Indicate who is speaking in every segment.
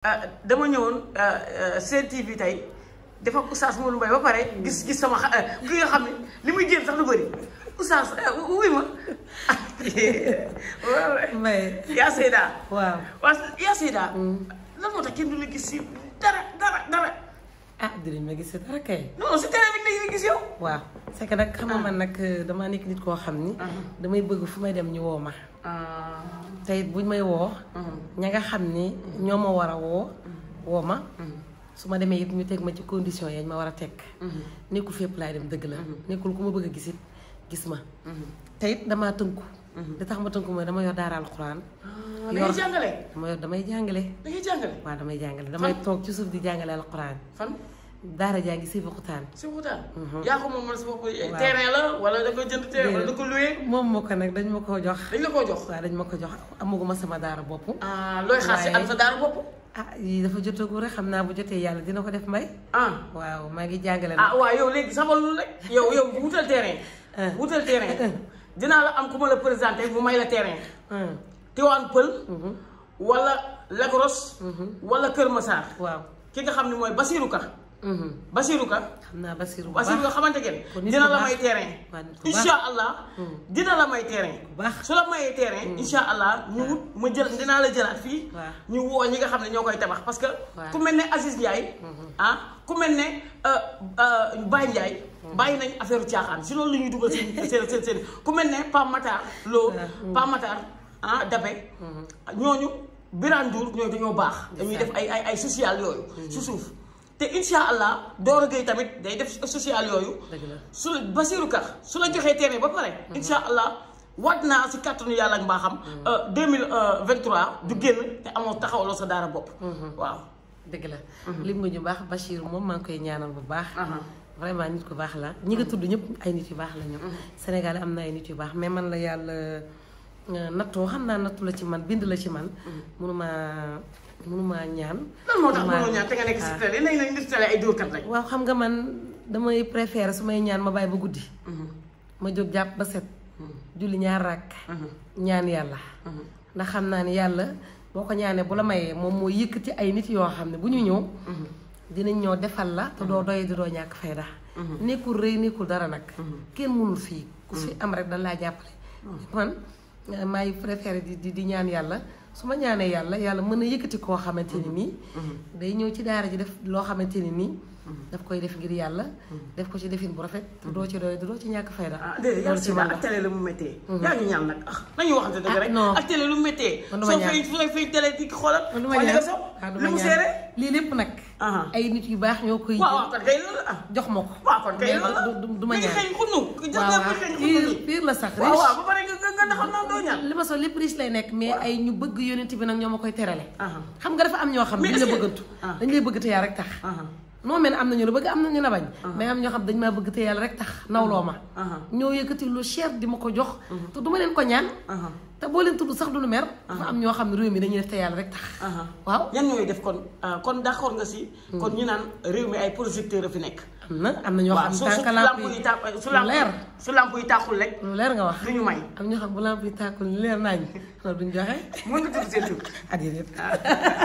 Speaker 1: Ah, dama ñëwoon ah, ah, Sen TV tey dafa Oustaz Modou Mbaye ba pare gis gis sama ki nga xam ne li muy jéem sax lu bëri Oustaz wuy waaw waaw yaa Seyda hmm. lan moo tax kenn du la gis si dara dara dara ah dinañ ma gis si dara kay non si télé bi gis yow waaw c'est que nag xam nag euh, damaa nekk nit koo xam ni damay bëgg fu may dem ñu woo ma tey buñ may woo. Mhm. ña nga xam ni mhm. ñoo ma war a woo. Mhm. woo ma. su ma demee it ñu teg ma ci condition yañ ma war a teg. nekkul fépp laay dem dëgg la. nekkul ku ma bëgg a gis it gis ma. te damaa tënku. li tax ma tënku mooy dama yor daara alxuraan. Ah, damay damay jàngale. damay jàngale damay jàngale damay toog ci suuf di jàngale alxuraan. fan. daara jaa ngi si Sébikotane. Sébikotane. yaa ko moom man si bopp terrain la wala da ko jënd terrain wala da ko loué. moom moo ko nag dañ ma ko jox. dañ la ko jox waaw dañ ma ko jox amaguma sama daara bopp. ah looy xaar si am sa daara bopp. ah yii dafa jotagul rek xam naa bu jotee yàlla dina ko def mbay. ah waaw maa ngi jàngale. ah waaw yow léegi sama loolu rek yow yow wutal terrain. wutal terrain dinaa la am ku ma la présenté bu may la terrain. Tivaouane Peulh. wala Lagos. wala Kër Massar. waaw ki nga xam ne mooy Basirou Ka. Mhm. Basirou Ka. xam naa Basirou Ka Basirou Ka xamante ngeen. Mhm. dina la may terrain. incha allah. dina la may terrain. su la mayee terrain. Mhm. incha allah ñu wut ma jël dinaa la jëlaat fii. ñu woo ñi nga xam ne ñoo koy tabax parce que. ku mel ne Aziz Ndiaye. ah ku mel ne euh, euh, Baye Ndiaye. bàyyi nañ affaire caaxaan si loolu la ñuy dugal seen seen seen ku mel ne Pam Matar Lo. Pam Matar ah ñooñu Birane Ndour ñooñu dañoo baax. dañuy def ay ay ay social yooyu. si suuf. té inshallah allah Doro Gueye tamit day def social yooyu. su Basiru kax su la joxé terrain ba paré mhm. inshallah allah ci naa si kàttanu yàlla ak mbaaxam. 2023 mhm. euh, du génn te taxaw lo sa dara bop mhm. waaw deug la. lim nga ñu bax Bachir mom ma ngi koy ñaanal bu baax. vraiment nit ku baax la ñi nga tuddu ñep ay nit yu baax la ñu. Sénégal am na ay nit yu baax mais man la yalla euh, natto xam la ci man bind la ci man. mënuma mënuma kan ñaan. lan ah. moo tax mënoo ñaan te nga nekk si télé yéen a ngi gis télé ay dóorkat lañ. waaw xam nga man damay préférer su may ñaan ma bàyyi ba guddi. ma mhm. jóg jàpp ba set. Mhm. julli ñaar rakk. ñaan mhm. yàlla. ndax xam naa ne yàlla boo bu la mayee moom moo yëkkati ay nit yoo xam bu ñu ñëw. dinañ ñoo defal la te doo doy di doo ñàkk fayda. nekkul rëy nekkul dara nag. kenn mënul fii ku fi am rek dañ laa jàppale. man eh, maay préféré di di ñaan yàlla. su ma ñaanee yàlla yàlla mën na yëkkati koo xamante ne nii. Mm-hmm. Mm-hmm. day ñëw ci daara ji def loo xamante ne nii. Mm-hmm. daf koy def ngir yàlla. Mm-hmm. def ko ci defin bu rafet. Mm-hmm. doo ci doy doo ci ñàkk fayda. ah déedéet yàlla si ak télé la mu méttee. yaa ngi ñaan nag ah nañu waxante dëgg ah, rek. ak télé lu mu méttee. man duma ñaan soo fay fay télé di xoolal. man duma ñaan ah duma ñaan lii lépp nag. ay nit yu baax ñoo koy. jox ma ko. kon kay du ma ñaan xëy xunu. waaw waaw piir la sax. waaw li ma sol lépp riche lay nekk mais ay ñu bëgg yonent bi nag ñoo ma koy terale. xam nga dafa am ñoo xam ne dañ la ah. dañ lay bëgg te yaa rek tax non mais am na ñu la bëgg am na ñu la bañ. mais am ñoo xam dañ maa bëgg te yàlla rek tax nawloo ma. ñoo yëkkati lu cher di ma ko jox. te du ma leen ko ñaan. te boo leen tudd sax du lu mer. dafa ñoo xam ne réew mi dañuy def te yàlla rek tax. def kon euh, kon d'accord nga si. Hmm. kon ñu naan réew mi ay projecteurs fi nekk. am na am na ñoo xam ne tant lamp yi tàkk su leer su lamp yi tàkkul rek. lu leer wax du ñu may. am ñoo xam bu lamp leer naa ñu loolu duñ joxe. mën nga tudd seen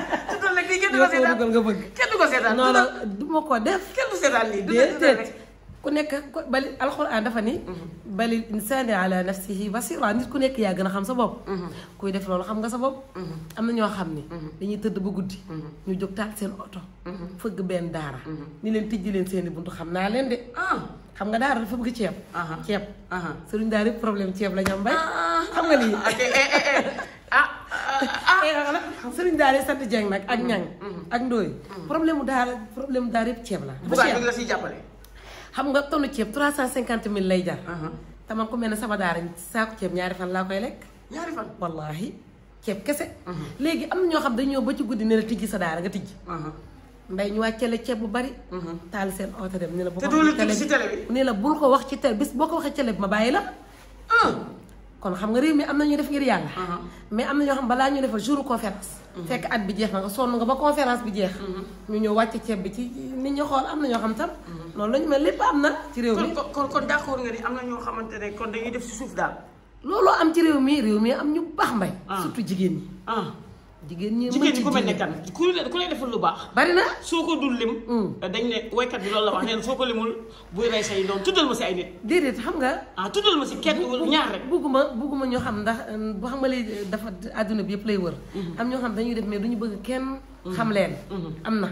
Speaker 1: lii kenn nga bëgg kenn du ko seetaan non non du ma ko def ni mhm. bali insaani ala nafsihi basira nit ku nekk yàgg na xam sa bopp mhm. kuy def loolu xam nga sa bopp mhm. am na ñoo xam ni dañuy tëdd ba guddi ñu jóg taal seen oto fëgg benn daara ni leen tijji leen seeni buntu xam naa leen de ah. xam nga daara dafa bëgg ceeb ceeb sëriñ daara yëpp problème ceeb la ñu am bay ah. xam nga lii eh, eh, eh. sëriñ daal sant Dieng nag ak ñang mm-hmm. mm-hmm. ak Ndoye. Mm-hmm. problème mu daal problème mu daal yëpp ceeb la. bu baax la siy jàppale. xam nga tonne ceeb 350000 lay jar. Uh-huh. te man ku mel ne sama daara saako ceeb ñaari fan laa koy lekk. ñaari fan wallaahi ceeb kese. léegi am na ñoo xam dañ ñëw ba ci guddi ne la tijji sa daara nga tijji. mbay uh-huh. ñu wàccele ceeb bu bari. taal seen oto dem ni la. bu ko wax ci te ni la ko wax ci télé bis boo ko waxee télé ma bàyyi la. Ah. kon xam nga réew mi am na ñu def ngir yàlla. Uh-huh. mais am na ñoo xam balaa ñu defal jour conférence. Uh-huh. fekk at bi jeex na nga sonn nga ba conférence bi jeex. Uh-huh. ñu ñëw wàcc ceeb bi ci nit ñi xool am na ñoo xam tam. noonu la ñu mel lépp am na ci réew mi. kon kon kon d'accord nga ni am na ñoo xamante ne kon dañuy def si suuf daal. looloo am ci réew mi réew mi am ñu baax mbay. Ah. surtout jigéen ñi. Ah. jigéen ñi jigéen ñi ku mel ne kan ku ku lay deful lu baax. bari na soo ko dul lim. Mm. Eh, dañ ne woykat bi loolu la wax neen soo ko limul buy rey say doom tuddal ma si ay nit. déedéet xam nga. ah tuddal ma si kenn ñaar rek. bugguma bugguma ñoo xam ndax euh, bu xam nga lay euh, dafa àdduna bi yëpp lay wër. Mm-hmm. am ñoo xam dañuy def mais duñu bëgg kenn. Mm-hmm. xam leen. Mm-hmm. am na.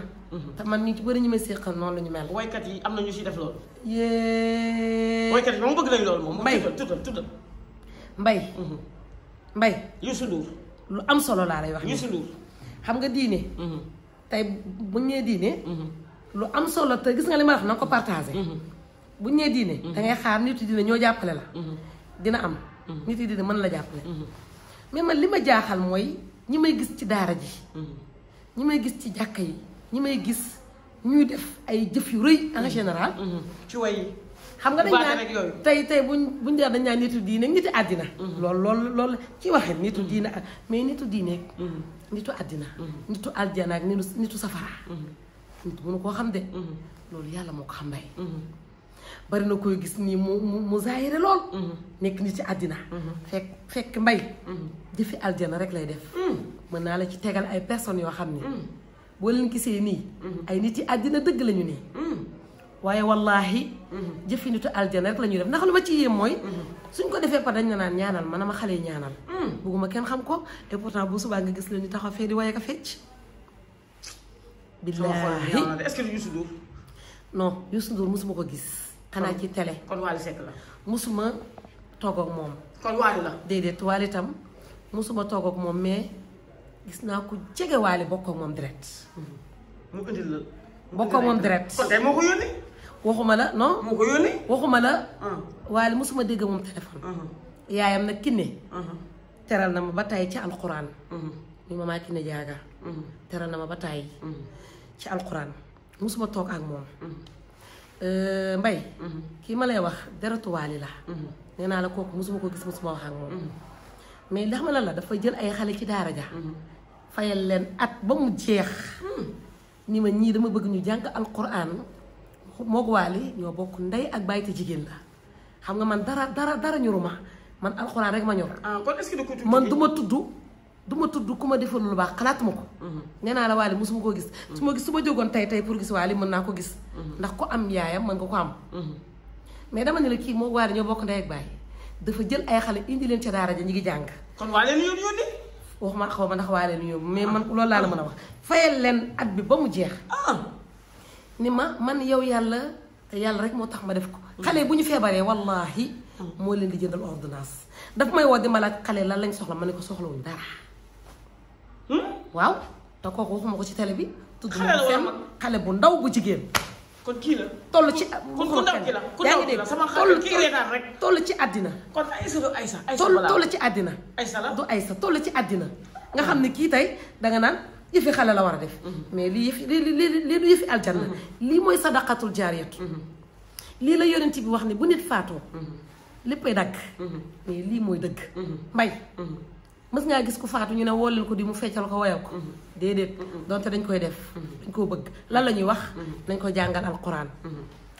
Speaker 1: man ñu ci bëri ñu may séqal noonu la ñu mel. woykat yi am na ñu si def loolu. yee. woykat yi moom bëgg nañ loolu moom. mbay tuddal mbay mbay Youssou Ndour lu am solo laa lay wax. Youssou Ndour xam nga diine. Mm-hmm. tey bu ñu nee diine. Mm-hmm. lu am solo te gis nga li ma wax na ko partagé. Mm-hmm. buñ ñu nee diine. da ngay xaar nit yi diine ñoo jàppale la. dina am. nit yi diine mën na jàppale. mais man li ma jaaxal mooy ñi may gis ci daara ji. ñi may gis ci jàkk yi ñi may gis ñuy def ay jëf yu rëy en général. ci way xam nga dañ naan tey tey buñ buñ dee dañ naan nitu diine niti àddina mhm. loolu lool ci waxee nitu diine ak mais nitu diine mhm. nitu àddina mhm. nitu aljana ak nitu nitu safara nit mënu koo xam de loolu yàlla moo ko xam mbay bari na koy gis nii mu mu mu zaayire lool nekk nit ci àddina fekk fekk mbay jëfi aljana rek lay def mën naa la ci tegal ay personnes yoo xam ni boo leen gisee nii ay nit yi àddina dëgg lañu ne waaye wallaahi. Mhm. jëfinitu aljana rek la ñuy def ndax lu ma ci yéem mooy. Mhm. suñ ko defee par dañ na naan ñaanal ma na ma xale yi ñaanal. Mm. bugguma kenn xam ko et pourtant bu subaa nga gis la ñu taxaw fee di waye ka fecc. billaahi est-ce que Youssou Ndour non Youssou Ndour mosuma ko gis. xanaa ci télé kon Wally Seck la. mosuma toog ak moom. kon Wally la. déedéet Wally itam mosuma toog ak moom mais gis naa ku jege Wally bokk ak moom direct. Mhm. mu indil la. bokk ak moom direct. kon tey moo ko yónni waxuma la no moo ko yónnee waxuma la. Ah. waaye mosuma dégg moom téléphone. Ah. yaayam nag kinne. na ma ba tàyyi ci alxuraan. Ah. ni ma teral na ma ba tàyyi. ci alxuraan mosuma toog ak moom. Euh, Mbay. kii ma lay wax deretu waali la. nee naa la kooku mosuma ko gis mosuma wax ak moom. mais li xam la la dafa jël ay xale ci daara ja fayal leen at ba mu jeex. ni ma ñii dama bëgg ñu jàng alxuraan. moog waali ñoo bokk ndey ak bàyyi te jigéen la xam nga man dara dara dara ñoruma man alxuraan rek ma ñor. ah kon est-ce que man du ma tudd du ma tudd ku ma defal lu baax xalaatuma ko. Mhm. nee naa la waali mosuma koo gis. Mhm. su ma gis su ma jógoon tey tey pour gis waali mën naa ko gis. Mhm. ndax ko am yaayam mën nga ko am. mais dama ne la kii moog waali ñoo bokk ndey ak bàyyi dafa jël ay xale indi leen ca daara ja ñi ngi jàng. kon waale lu yóbbu yónni. waxuma xaw ma ndax waale lu yóbbu mais man ah. loolu laa la mën a wax fayal leen at bi ba mu jeex. Ah. ni ma man yow yàlla yàlla rek moo tax ma def ko. xale bu ñu feebaree wallaahi. moo leen di jëndal ordonnance daf may woo di ma laaj xale lan lañ soxla ma ne ko soxlawuñu dara. Hmm? waaw te kooku waxuma ko ci tele bi. tudd ma xale bu ndaw bu jigéen. kon kii la toll ci kon ku ndaw ku ndaw ki la sama xarit kii toll ci àddina kon Aïssa du Aïssa Aïssa toll ci àddina Aïssa la du Aïssa toll ci àddina nga xam ne kii tey danga naan yëfi xale la war a def mhm. mais lii yëfi li li lii du yëfi aljanna mhm. lii mooy sadaqatul jaariyatu mhm. lii la yonent bi wax ne bu nit faatoo lépp dagg mais lii mooy dëgg mbay mës ngaa gis ku faatu ñu ne woo ko di mu feccal ko woyal ko déedéet donte dañ koy def dañ koo bëgg lan la ñuy wax nañ ko jàngal alquran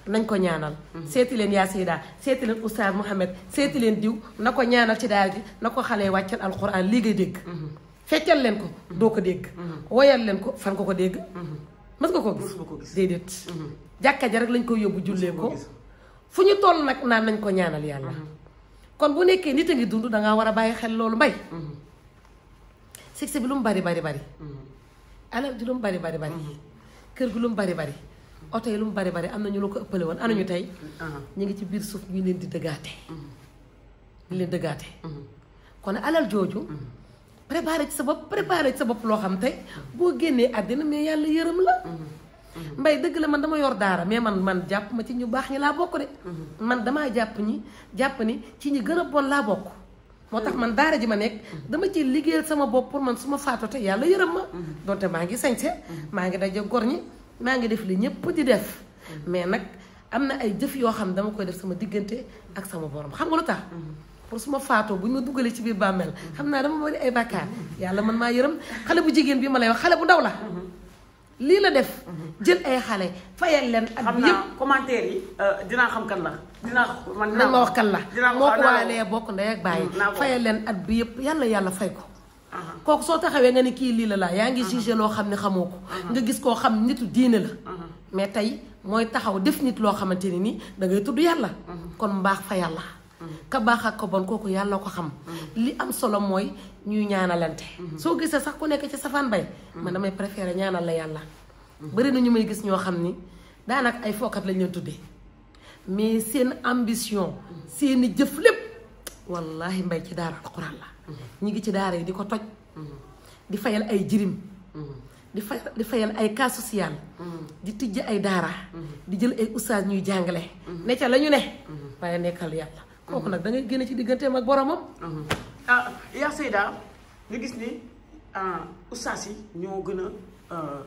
Speaker 1: nañ ko ñaanal seeti leen yaa Seyda seeti leen oustaz Mouhamed seeti leen diw na ko ñaanal ci daal gi na ko xale wàccal alquran lii ngay dégg fekkel leen ko mm-hmm. doo ko dégg mm-hmm. woyal leen ko fan ko ko dégg mm-hmm. mës nga ko gis déedéet jàkka ja rek lañ koy yóbbu jullee ko fu ñu toll nag naan nañ ko ñaanal yàlla kon bu nekkee nit a ngi dund dangaa war a bàyyi xel loolu mbay sexe bi lu mu bari bari bari alal ji lu mu bari bari bari kër gi lu mu bari bari oto yi lu mu bari bari am na ñu lu ko ëppale woon ana ñu tey uh-huh. ñu ngi ci biir suuf ñu leen di dëgaate ñu leen dëgaate kon alal jooju préparé ci sa bopp préparé ci sa bopp loo xam te boo génnee àddina mais yàlla yërëm la. Mhm. Mhm. mbay dëgg la man dama yor daara mais man man jàpp ma ci ñu baax ñi laa bokk de. Mhm. man damaa jàpp ñi jàpp ni ci ñi gën a bon laa bokk. moo tax man daara ji ma nekk dama ci liggéeyal sama bopp pour man su ma faatoote yàlla yërëm ma. donte maa ngi sañse maa ngi daje gor ñi maa ngi def li ñëpp di def. mais nag am na ay jëf yoo xam dama koy def sama diggante ak sama borom xam nga lu tax. pour su ma faatoo bu ñu ma duggalee ci biir bàmmeel xam naa dama bari ay bàkkaar yàlla man maa yërëm xale bu jigéen bi ma lay wax xale bu ndaw la lii la def jël ay xale fayal leen ak yëpp euh, xam naa commentaire kan la dinaa man nañ ma wax kan la moo ko waalee bokk ndey ak bàyyi mm, fayal leen at bi yëpp yàlla yàlla fay ko kooku soo taxawee nga ni kii lii la laa yaa ngi jugé loo xam ne xamoo ko nga gis koo xam nitu diine la mais tey mooy taxaw def nit loo xamante ni nii da ngay tudd yàlla kon mbaax fa yàlla ka baax ko bon kooku yàlla ko xam. li am solo mooy ñuy ñaanalante. soo gisee sax ku nekk ci safaan bay. man damay préféré ñaanal la yàlla. bari na ñu may gis ñoo xam ni daanak ay fookat lañ leen tuddee mais seen ambition. seeni jëf lépp. wallahi mbay ci daara alxuraan la. ñu ngi ci daara yi di ko toj. di fayal ay jirim. di fay di fayal ay cas social di tijj ay daara di jël ay oustaz ñuy jàngale la ñu ne waaye nekkal yàlla kooku nag da ngay génne ci digganteem ak boromam. Uh-huh. Ah, yaa Seyda nga gis ni ah, ustaas ñoo gën a euh,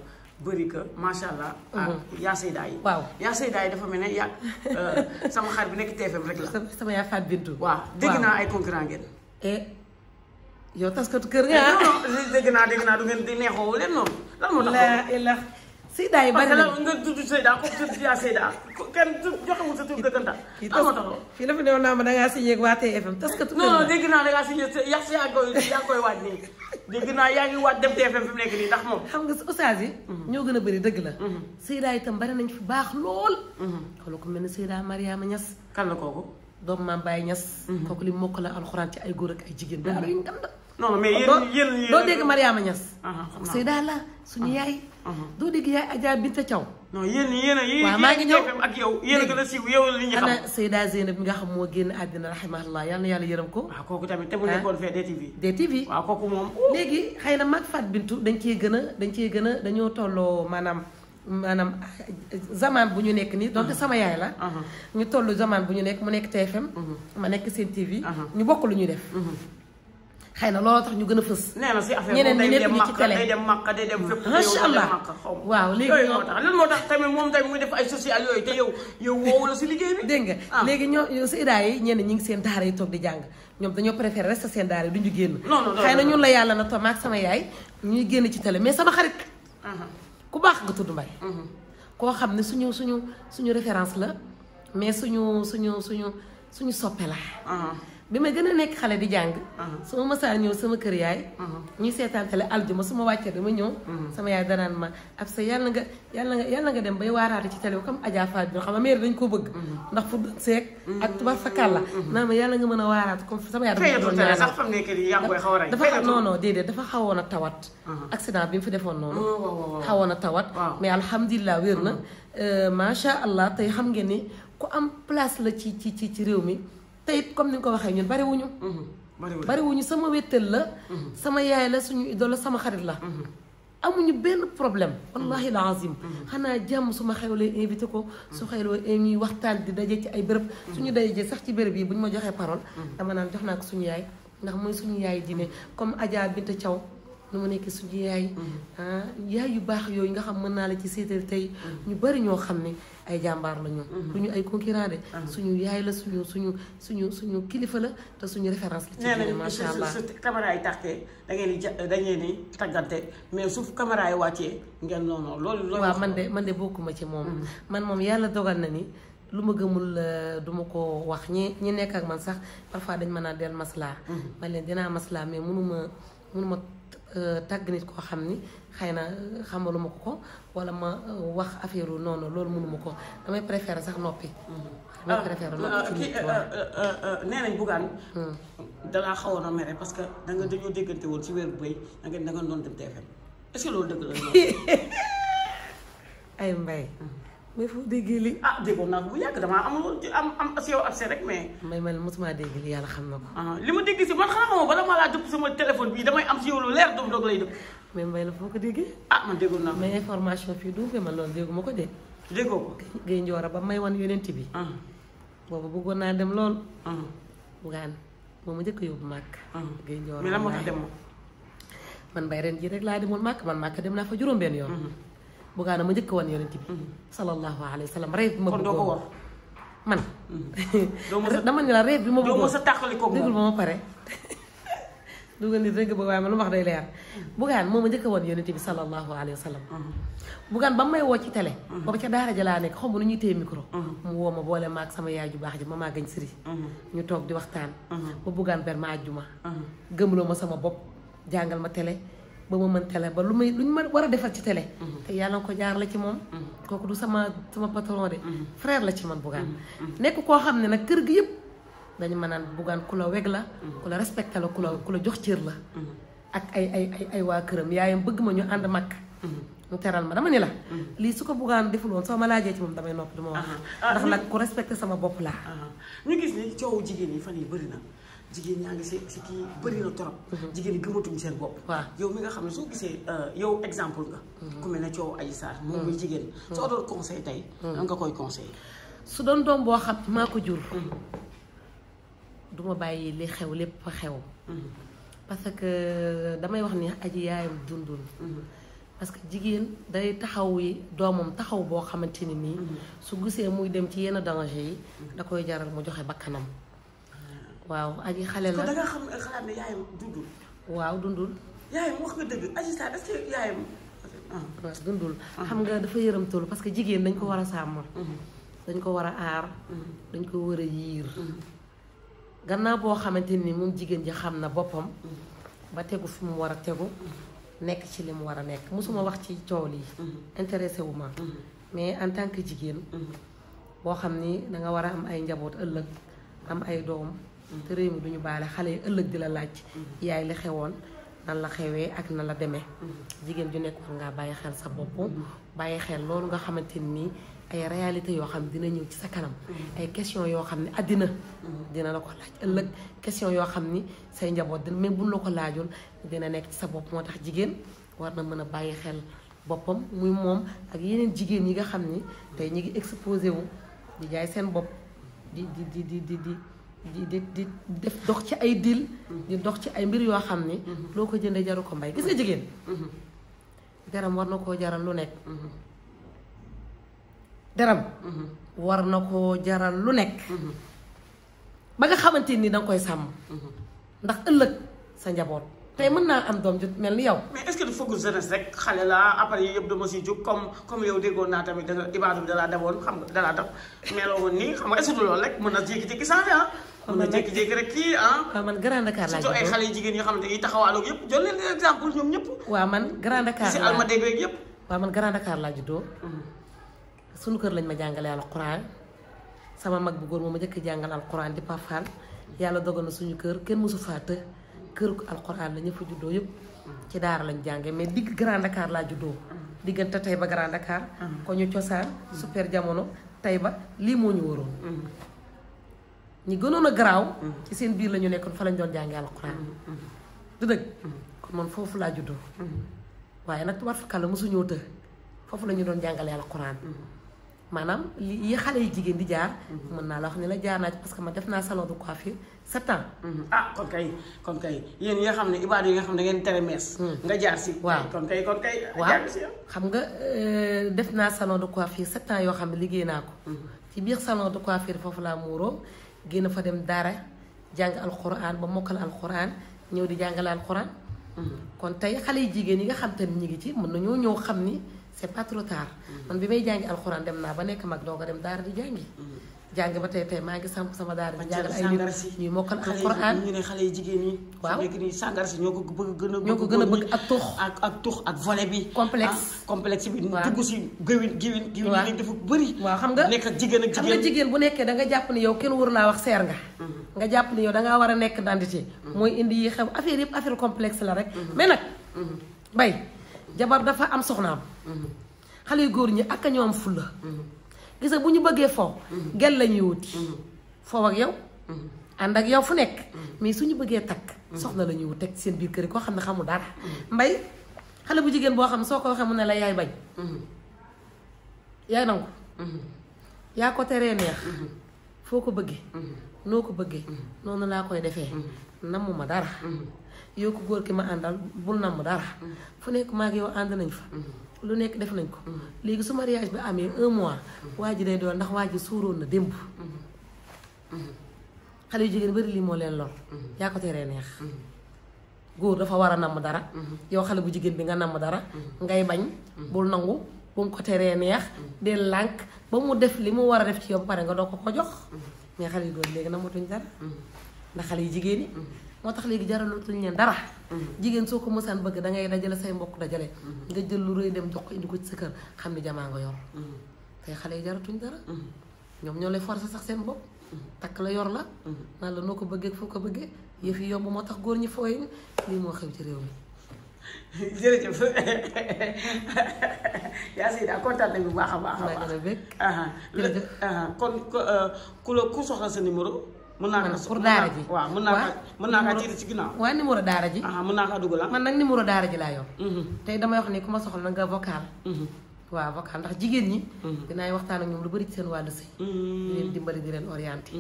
Speaker 1: bëri que macha allah. Uh-huh. ak ah, yaa Seyda yi. waaw yaa Seyda yi dafa mel ne yaa euh, sama xaar bi nekk TFM rek la. sama yaa Fatou Bintou. waaw dégg naa ay concurrent ngeen. Eh, yow taskatu kër nga eh, ah. dégg naa dégg naa du ngeen di neexoo leen noonu. lan Sida yi bari sa tur dëggantaan. amoo taxaw fii que. non non dégg naa da ngaa signé yaa si yaa koy yaa koy waaj nii dégg naa mhm. la. Mhm. Seyda itam bari nañ fi baax lool. Mhm. xoolal ku mel ne Seyda Mariama Niass. kan la kooku. doomu maam Baye Niass. kooku li mokk la alxuraan ci ay góor ak ay jigéen. daal yu ndam non mais yéen yéen yéen doo dégg Mariama Niass. Ah, ah, Seyda la suñu ah, doo dégg yaay Adja Binta Thiaw. non yéen maa ngi ñëw ak yow yéen a gën a nga xam moo génn àddina rahimahullah yal na yàlla yërëm ko. kooku tamit te bu nekkoon fee DTV. DTV waaw kooku moom. léegi xëy na mag Fat Bintu dañ cee gën a dañ cee gën a dañoo tolloo maanaam. maanaam zaman bu ñu nekk nii donte uh-huh. sama yaay la uh-huh. ñu toll zaman bu ñu nekk mu nekk TFM uh-huh. ma nekk seen TV ñu bokk lu ñuy def xay na looloo tax ñu gën a fës. nee na si affaire boobu day waaw léegi yooyu moo tax lan moo moom tamit muy def ay social yooyu yow yow woowu si liggéey bi. dégg nga ah. léegi ñoo si idaa yi ñenn ñi ngi seen daara yi toog di jàng ñoom dañoo préféré reste seen daara yi duñu génn. non non xëy na ñun la yàlla na toog maak sama yaay ñuy génn ci télé mais sama xarit. Uh-huh. ku baax nga tudd Mbaye. Uh-huh. koo xam ne suñu suñu suñu référence la mais suñu suñu suñu suñu soppe la uh-huh. bi may gën a nekk xale di jàng su ma mësaa ñëw sama kër yaay ñuy seetaan tele aljuma su ma wàccee dama ñëw sama yaay danaan ma ab sa yàlla nga yàlla nga nga dem bay waaraate ci tele bi comme Adja Fall dañ ko bëgg ndax fu seeg ak tubaab fakkal la naan ma yàlla nga mën a waaraat comme sama yaay dafa non non déedéet dafa xawoon a tawat accident bi mu fi defoon noonu oh, xawoon a tawat mais alhamdulilah wér na euh, macha allah tey xam ngeen ni ku am place la ci ci ci ci réew mi tey it comme ni nga ko waxee ñun bariwuñu mhm. bariwuñu sama wéttal la mhm. sama yaay la suñu idole la sama xarit la mhm. amuñu benn problème wallahi alazim xanaa jàmm su ma xewlee invité ko su xewlee eh, ñuy waxtaan di daje ci ay bërëb suñu dajee sax ci bërëb yi bu ñu ma joxee parole dama naan jox naa ko suñu yaay ndax mooy suñu yaay diine comme Adja Binta Thiaw nu mu nekk suñu yaay ah, yaay yu baax yooyu nga xam mën naa la ci seetal tey ñu bari ñoo xam ne ay jàmbaar la ñu mhm. duñu ay concurrent de mhm. suñu yaay la suñu suñu suñu suñu kilifa la te suñu référence la ci macha allah su caméra yi taxtee da di ja taggante mais su caméra yi wàccee ngeen noonu loolu loolu waaw man de man de bokkuma ci moom mhm. man moom yàlla dogal na ni lu ma gëmul euh, du duma ko wax ñi ñi nekk ak man sax parfois dañ mën a del maslaa man leen dinaa maslaa mais mënuma mënuma euh, tàgg nit koo xam ni xëy na xamaluma ko ko wala ma euh, wax affaire noonu loolu mënuma ko damay préférer sax noppi. Mhm. damay ah, préférer euh, noppi euh, kii nee nañ Bougane. Hmm. danaa xawoon a mere parce que da nga dañoo déggante woon ci weer bu bëy da nga da nga doon dem TFM est-ce que loolu dëgg la ay mbay. Hmm. mais foo déggee lii ah déggoon naa ko bu yàgg damaa amul am am as yow accès rek mais. may man mosuma dégg lii yàlla xam na ko. Ah, li ma dégg si man xanaa moom sama téléphone bii damay am si yow lu leer foo ko déggee. ah man déggoon naa information fii du fee man loolu dégguma ko de. déggoo ko. Guèye ba may wan yonent bi. Ah. boobu bëggoon naa dem lool. Ah. Bougane ma njëkk a yóbbu màkk. Guèye Ndiora mais lan moo tax dem man laa demoon màkk man màkk dem naa fa juróom-benn yoon mm-hmm. bugaan ma njëkk wan yonent bi sallallahu alaihi wasallam sallam ma ko ma bëggoon man dama ni la rêve bi ma bëggoon doo ma sa tàqali ko déglu ma pare dugal nit rek bëgg way ma lu wax day leer bugan moo ma njëkk wan yonent bi sallallahu alaihi wasallam mm-hmm. bugan bam may wo ci tele mm-hmm. bo ci daara ja la nek xombu ma nu ñuy micro mm-hmm. mu wo ma boole maag sama yaaju bax ji ma maa gañ sëri ñu tok di waxtaan ba bugan ber ma àjjuma gëmloo ma sama bop jangal ma tele ba ma mën télé ba lu may lu ñu ma war a defal ci télé. Mmh. te yàlla nga ko jaar la ci moom. Mmh. kooku du sama sama patron de. Mmh. frère la ci man Bougane. nekk koo xam ne nag kër gi yëpp dañ ma naan buggaan ku la weg la. ku la respecté la ku la jox cër la. ak ay ay ay ay waa këram yaayam bëgg ma ñu ànd mag. mu teral ma dama ni la. lii su ko Bougane deful soo ma laajee ci moom damay noppi du ma wax. Ah, ndax nag ku respecté sama bopp laa. ñu gis jigéen ñi fan yi bëri na. jigéen ñaa ngi si si kii ah. bëri na trop. Mm-hmm. jigéen ñi gëmatuñ seen bopp. waaw yow mi nga xam ne soo gisee euh, yow exemple nga. Mm-hmm. ku mel ne coow Adji moom muy mm-hmm. jigéen. soo tey. lan nga koy conseil su doon doom boo xam maa ko jur. du bàyyi li xew lépp fa xew. parce que damay wax ni aji yaayam dundul. parce que jigéen day taxaw yi doomam taxaw boo xamante ni nii. su gisee muy dem ci yenn danger yi. da koy jaral mu joxe bakkanam. waaw aji xale la da xam ne yaayam dundul. waaw dundul. yaayam wax nga dëgg Adji ah. dafa yëramtul parce que jigéen dañ ko war a sàmm. Mm-hmm. dañ ko war a aar. Mm-hmm. dañ ko war a yiir. Mm-hmm. gannaaw boo xamante ni moom jigéen ji xam na boppam. ba tegu fi mu war a tegu. nekk ci li mu war a nekk mosuma wax ci coow lii. intéressé wu ma. mais en tant que jigéen. boo xam ni da nga war a am ay njaboot ëllëg am ay doom. te réew mi duñu baale xale yi ëllëg di la laaj yaay li xewoon nan la xewee ak na la demee jigéen ju nekk war ngaa bàyyi xel sa bopp bàyyi xel loolu nga xamante nii ay réalité yoo xam ne dina ñëw ci sa kanam ay question yoo xam ne àddina dina la ko laaj ëllëg question yoo xam ni say njaboot dina mais buñ la ko laajul dina nekk ci sa bopp moo tax jigéen war na mën a bàyyi xel boppam muy moom ak yeneen jigéen yi nga xam ni tey ñu ngi exposé wu di jaay seen bopp di di di di di di di di di def dox ci ay dill di dox ci ay mbir yoo xam ni mhm. loo ko jëndee jaru ko mbay gis nga jigéen mhm. deram war na koo jaral lu nekk mhm. deram war na koo jaral lu nekk ba nga xamante ni danga koy sàmm ndax ëllëg sa njaboot tey mën naa am doom ju mel ni yow. mais est-ce que rek yëpp dama si jóg comme comme yow déggoon naa tamit danga ibaadu bi dalaa demoon xam nga dalaa def meloo woon nii mën na jékki-jékki changé ah. mën na jékki-jékki rek kii ah. man Grand Dakar laa surtout ay xale jigéen yoo xam ne dañuy taxawaaloog yëpp jël leen exemple ñoom ñëpp. waaw man Grand Dakar si alma dégg rek yëpp. waaw man Grand Dakar laa juddoo. Mm-hmm. sunu kër lañ ma jàngalee alquran sama mag bu góor moom ma njëkk jàngal alquran di Pafal yàlla dogal na suñu kër kenn mosu faa të keruk alquran la ñu fa juddoo yëpp ci daara lañu jàngee mais dig Grand Dakar la juddo digënta tayba Grand Dakar ko ñu super jamono tayba li mo ñu woro ñi gënoon graw ci seen biir lañu ñu fa lañ doon jàngee alxuraan du deug kon man fofu la juddo waye nak tubaab fakal la mosuñoo te fofu lañu doon jàngalee alxuraan maanaam li yi yi jigen di jaar mën na la wax ni la jaar na parce que ma def na salon de coiffure sept ans. Mhm. ah kon kay kon kay yéen yi nga xam ne ibaadu yi nga xam ne da ngeen tere mees. Hmm. nga jaar si. waaw kon kay kon kay. jaar xam nga euh, def naa salon de coiffure sept yoo xam ne liggéey naa ko. Hmm. ci biir salon de coiffure foofu laa muuroo génn fa dem daara jàng alxuraan ba mokkal alxuraan ñëw di jàngale alxuraan. Hmm. kon tey xale yu jigéen yi nga xam te ne ñu ngi ci mën nañoo ñëw xam ni c'est pas trop tard. man bi may jàngi alxuraan dem naa ba nekk mag doo ko dem daara di jàngi. jàng ba tey tey maa ngi samp sama daara di jàngal ay nit ñuy mokkal alquran ne xale yi jigéen ñi waaw nekk nii sàngar si ñoo ko bëgg gën a ko gën a bëgg ak tux ak ak tux ak volet bi complexe ah, complexe bi dugg si géwin géwin géwin yi dafa xam nga nekk ak jigéen ak xam nga jigéen bu nekkee da nga yow kenn waru laa wax seer nga mm-hmm. nga jàpp yow da ngaa war a nekk mm-hmm. mooy indi yi xew affaire yëpp affaire complexe la rek mm-hmm. mais nag bay jabar dafa am soxnaam xale yu góor ñi ak ñoom fulla gis nga bu ñu bëggee fo mhm. gel la ñuy wuti mhm. foo ak yow mhm. ànd ak yow fu nekk mais suñu bëggee takk soxna la ñuy wut teg seen biir kër yi koo xam ne xamul dara mbay xale bu jigéen boo xam soo ko waxee mu ne la yaay bañ yaay nangu yaa ko teree neex foo ko bëggee noo ko bëggee noonu laa koy defee nammuma dara yow ko góor ki ma àndal bul namm dara fu nekk maa ak yow ànd nañ fa lu nekk def nañ ko. Mhm. léegi su mariage bi amee un mois. Mhm. waa ji day doon ndax waa ji suuroon na démb. Mhm. xale yu jigéen bari lii moo leen lor. yaa ko teree neex. góor dafa war a namm dara. yow xale bu jigéen bi nga nam dara. ngay bañ. bul nangu bu mu ko teree neex. del lànk ba mu def li mu war a def ci yow pare nga doo ko ko jox. mais xale yu góor léegi namatuñ dara. ndax xale yu jigéen ñi. moo tax léegi jaralatul leen dara mm-hmm. jigéen soo ko mosaan bëgg dangay ngay dajale say mbokk dajale mm-hmm. nga jël lu rëy dem jox ko indi ko ci sa kër xam ne jamaa nga yor mm-hmm. tey xale yi jaratuñ dara ñoom ñoo lay forcer sax seen bopp takk la yor la naan la noo ko bëggee foo ko bëggee yëf yi yomb moo tax góor ñi fooy lii moo xew ci réew mi jërëjëf yaa si daa kontaan nañu bu baax a baax a baax kon euh, ku la ku soxla sa numéro mën naa maanaam pour daara ji waaw mën naa mën naa kaa ci ginnaaw waaw numéro daara ji mën naa kaa dugal man nag numéro daara ji laa yor mhm. tey damay wax ni ku ma soxla nga vocal mhm. waaw vocal ndax jigéen ñi mhm. dinaay waxtaan ak ñoom lu bari ci seen wàllu di leen dimbali di leen orienté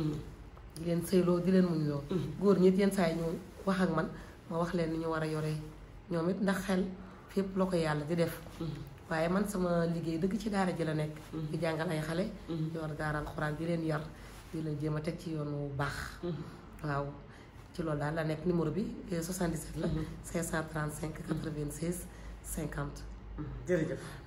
Speaker 1: di leen sëyloo di leen muñ loo góor ñi yenn saa yi wax ak man ma wax leen ni ñu war a yoree ñoom it ndax xel fépp la ko yàlla di def waaye man sama liggéey dëgg ci daara ji la nekk di jàngal ay xale di di la jéem a teg ci yoon wu baax. Mm-hmm. waaw ci loolu daal la nekk numéro bi 77 euh, la. 535 96 50. jërëjëf.